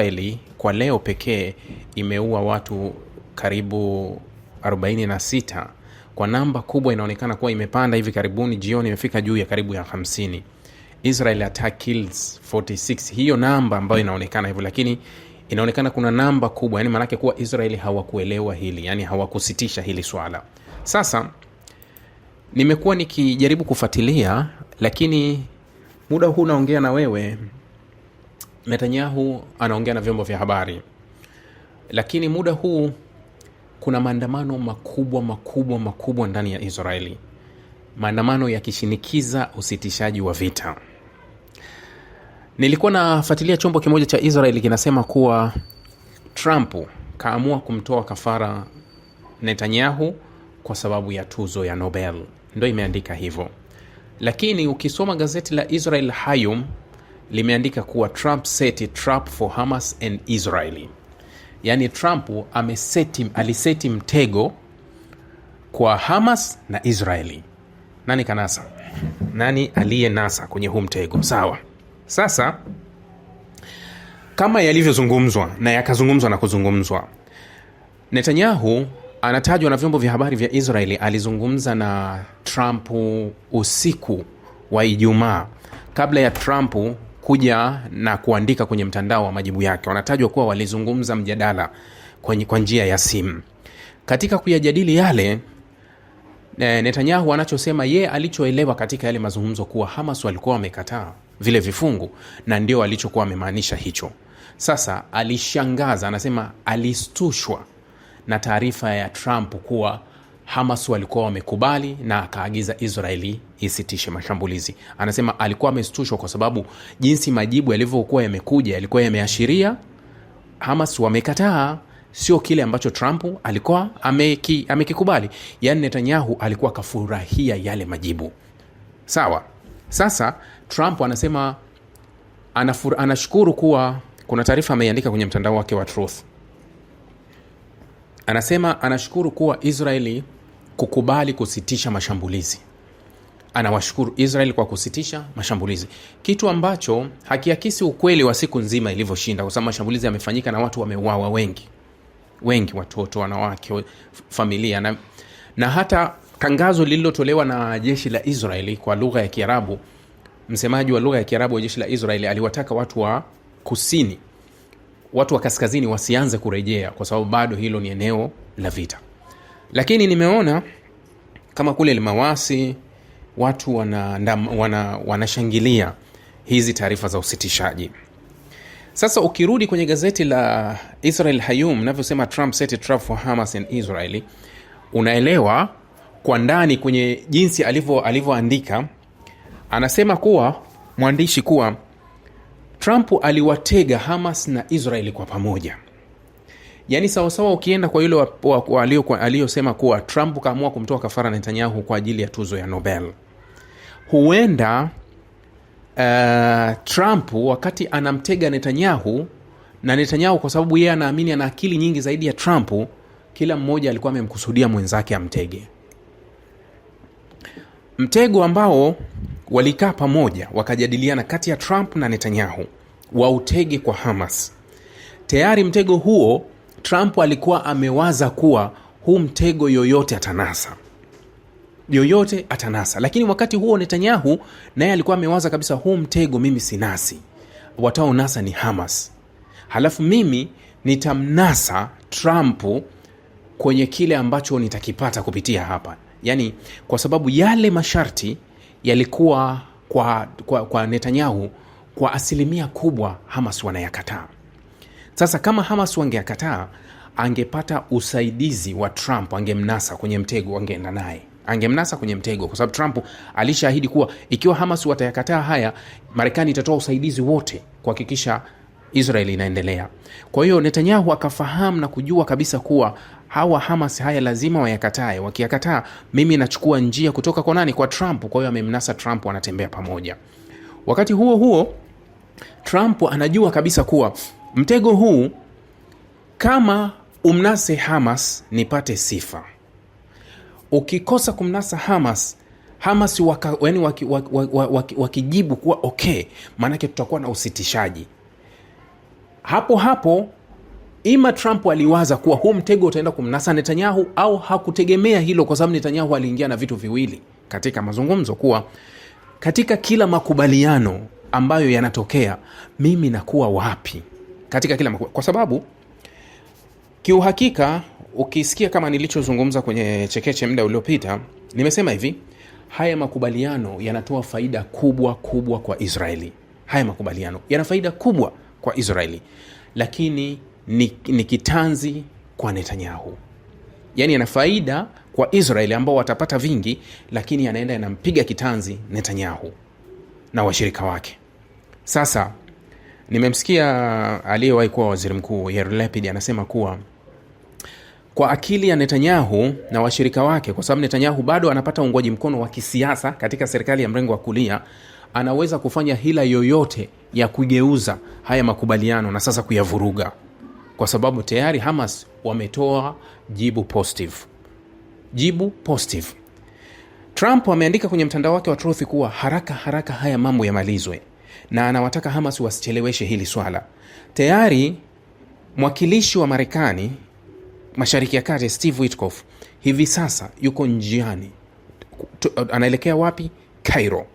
Israeli kwa leo pekee imeua watu karibu 46 kwa namba kubwa inaonekana kuwa imepanda hivi karibuni, jioni imefika juu ya karibu ya 50. Israel attack kills 46, hiyo namba ambayo inaonekana hivyo, lakini inaonekana kuna namba kubwa, yani maanake kuwa Israeli hawakuelewa hili, yani hawakusitisha hili swala. Sasa nimekuwa nikijaribu kufuatilia, lakini muda huu naongea na wewe Netanyahu anaongea na vyombo vya habari, lakini muda huu kuna maandamano makubwa makubwa makubwa ndani ya Israeli, maandamano yakishinikiza usitishaji wa vita. Nilikuwa nafuatilia chombo kimoja cha Israeli kinasema kuwa Trump kaamua kumtoa kafara Netanyahu kwa sababu ya tuzo ya Nobel, ndo imeandika hivyo. Lakini ukisoma gazeti la Israel Hayom limeandika kuwa Trump seti trap for Hamas and Israeli. Yaani Trump aliseti mtego kwa Hamas na Israeli. Nani kanasa? Nani aliye nasa kwenye huu mtego? Sawa. Sasa kama yalivyozungumzwa na yakazungumzwa na kuzungumzwa, Netanyahu anatajwa na vyombo vya habari vya Israeli alizungumza na Trump usiku wa Ijumaa kabla ya Trump kuja na kuandika kwenye mtandao wa majibu yake. Wanatajwa kuwa walizungumza mjadala kwa njia ya simu. Katika kuyajadili yale, eh, Netanyahu anachosema ye alichoelewa katika yale mazungumzo kuwa Hamas walikuwa wamekataa vile vifungu na ndio alichokuwa amemaanisha hicho. Sasa alishangaza, anasema alistushwa na taarifa ya Trump kuwa Hamas walikuwa wamekubali na akaagiza Israeli isitishe mashambulizi. Anasema alikuwa amestushwa kwa sababu jinsi majibu yalivyokuwa yamekuja yalikuwa yameashiria Hamas wamekataa, sio kile ambacho Trump alikuwa ameki, amekikubali. Yaani Netanyahu alikuwa akafurahia yale majibu. Sawa. Sasa Trump anasema anafur, anashukuru kuwa kuna taarifa ameiandika kwenye mtandao wake wa Truth. Anasema anashukuru kuwa Israeli kukubali kusitisha mashambulizi anawashukuru israel kwa kusitisha mashambulizi kitu ambacho hakiakisi ukweli wa siku nzima ilivyoshinda kwa sababu mashambulizi yamefanyika na watu wameuawa wengi wengi watoto wanawake familia na, na hata tangazo lililotolewa na jeshi la israeli kwa lugha ya kiarabu msemaji wa lugha ya kiarabu wa jeshi la israeli aliwataka watu wa kusini watu wa kaskazini wasianze kurejea kwa sababu bado hilo ni eneo la vita lakini nimeona kama kule limawasi watu wanashangilia wana, wana hizi taarifa za usitishaji. Sasa ukirudi kwenye gazeti la Israel hayum navyosema Trump set trap for Hamas in israel unaelewa kwa ndani kwenye jinsi alivyoandika, anasema kuwa mwandishi kuwa Trump aliwatega Hamas na Israeli kwa pamoja yaani sawasawa ukienda kwa yule aliyosema kuwa trump ukaamua kumtoa kafara netanyahu kwa ajili ya tuzo ya nobel huenda uh, trump wakati anamtega netanyahu na netanyahu kwa sababu yeye anaamini ana akili nyingi zaidi ya trump kila mmoja alikuwa amemkusudia mwenzake amtege mtego ambao walikaa pamoja wakajadiliana kati ya trump na netanyahu wautege kwa hamas tayari mtego huo Trump alikuwa amewaza kuwa huu mtego yoyote atanasa yoyote atanasa, lakini wakati huo Netanyahu naye alikuwa amewaza kabisa, huu mtego mimi sinasi, wataonasa ni Hamas, halafu mimi nitamnasa Trump kwenye kile ambacho nitakipata kupitia hapa, yaani kwa sababu yale masharti yalikuwa kwa, kwa, kwa Netanyahu kwa asilimia kubwa Hamas wanayakataa. Sasa kama Hamas wangeakataa angepata usaidizi wa Trump, angemnasa kwenye mtego, angeenda naye angemnasa kwenye mtego, kwa sababu Trump alishaahidi kuwa ikiwa Hamas watayakataa haya, Marekani itatoa usaidizi wote kuhakikisha Israel inaendelea. Kwa hiyo Netanyahu akafahamu na kujua kabisa kuwa hawa Hamas haya lazima wayakatae, wakiyakataa mimi nachukua njia kutoka kwa nani? Kwa Trump. Kwa hiyo amemnasa Trump, wanatembea pamoja. Wakati huo huo, Trump anajua kabisa kuwa Mtego huu kama umnase Hamas nipate sifa. Ukikosa kumnasa Hamas, Hamas waka, yani waki, waki, waki, waki, wakijibu kuwa okay, maanake tutakuwa na usitishaji hapo hapo. Ima Trump aliwaza kuwa huu mtego utaenda kumnasa Netanyahu au hakutegemea hilo, kwa sababu Netanyahu aliingia na vitu viwili katika mazungumzo kuwa katika kila makubaliano ambayo yanatokea, mimi nakuwa wapi katika kila makubwa. kwa sababu kiuhakika ukisikia kama nilichozungumza kwenye chekeche muda uliopita, nimesema hivi, haya makubaliano yanatoa faida kubwa kubwa kwa Israeli. Haya makubaliano yana faida kubwa kwa Israeli, lakini ni, ni kitanzi kwa Netanyahu. Yaani yana faida kwa Israeli ambao watapata vingi, lakini yanaenda yanampiga kitanzi Netanyahu na washirika wake. Sasa Nimemsikia aliyewahi kuwa waziri mkuu yerlepid anasema kuwa kwa akili ya Netanyahu na washirika wake, kwa sababu Netanyahu bado anapata uungwaji mkono wa kisiasa katika serikali ya mrengo wa kulia, anaweza kufanya hila yoyote ya kugeuza haya makubaliano na sasa kuyavuruga, kwa sababu tayari Hamas wametoa jibu positive, jibu positive. Trump ameandika kwenye mtandao wake wa Truth kuwa haraka haraka haya mambo yamalizwe na anawataka Hamas wasicheleweshe hili swala. Tayari mwakilishi wa Marekani Mashariki ya Kati Steve witkof hivi sasa yuko njiani, anaelekea wapi? Cairo.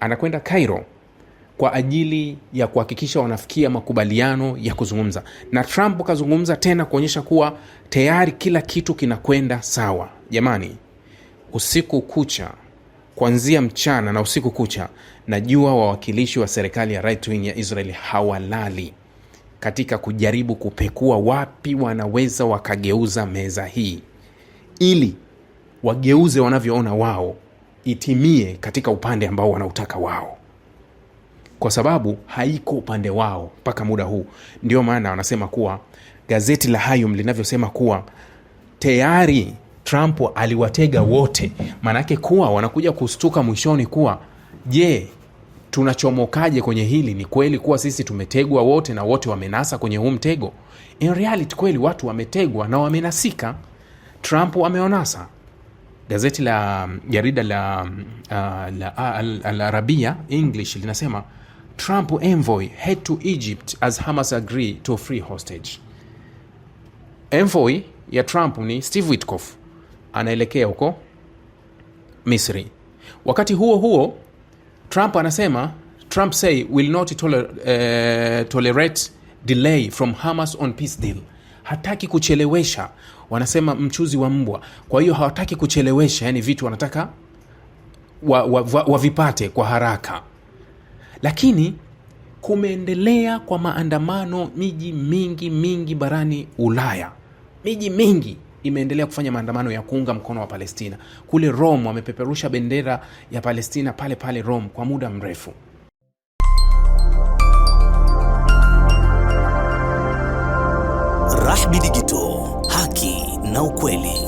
Anakwenda Cairo kwa ajili ya kuhakikisha wanafikia makubaliano ya kuzungumza na Trump. Kazungumza tena kuonyesha kuwa tayari kila kitu kinakwenda sawa. Jamani, usiku kucha kuanzia mchana na usiku kucha, najua wawakilishi wa serikali ya right wing ya Israel hawalali katika kujaribu kupekua wapi wanaweza wakageuza meza hii ili wageuze wanavyoona wao itimie katika upande ambao wanautaka wao, kwa sababu haiko upande wao mpaka muda huu. Ndio maana wanasema kuwa gazeti la hayum linavyosema kuwa tayari Trump aliwatega wote, maanake kuwa wanakuja kustuka mwishoni kuwa je, tunachomokaje kwenye hili? Ni kweli kuwa sisi tumetegwa wote na wote wamenasa kwenye huu mtego? In reality kweli watu wametegwa na wamenasika, Trump amewanasa. Gazeti la mm, jarida la, mm, uh, la uh, Al, Al Arabia English linasema Trump envoy head to Egypt as Hamas agree to free hostage. Envoy ya Trump ni Steve Witkoff anaelekea huko misri wakati huo huo trump anasema trump say will not toler, uh, tolerate delay from hamas on peace deal hataki kuchelewesha wanasema mchuzi wa mbwa kwa hiyo hawataki kuchelewesha yani vitu wanataka wavipate wa, wa, wa kwa haraka lakini kumeendelea kwa maandamano miji mingi mingi barani ulaya miji mingi imeendelea kufanya maandamano ya kuunga mkono wa Palestina. Kule Rome wamepeperusha bendera ya Palestina pale pale Rome kwa muda mrefu. Rahby Digito, haki na ukweli.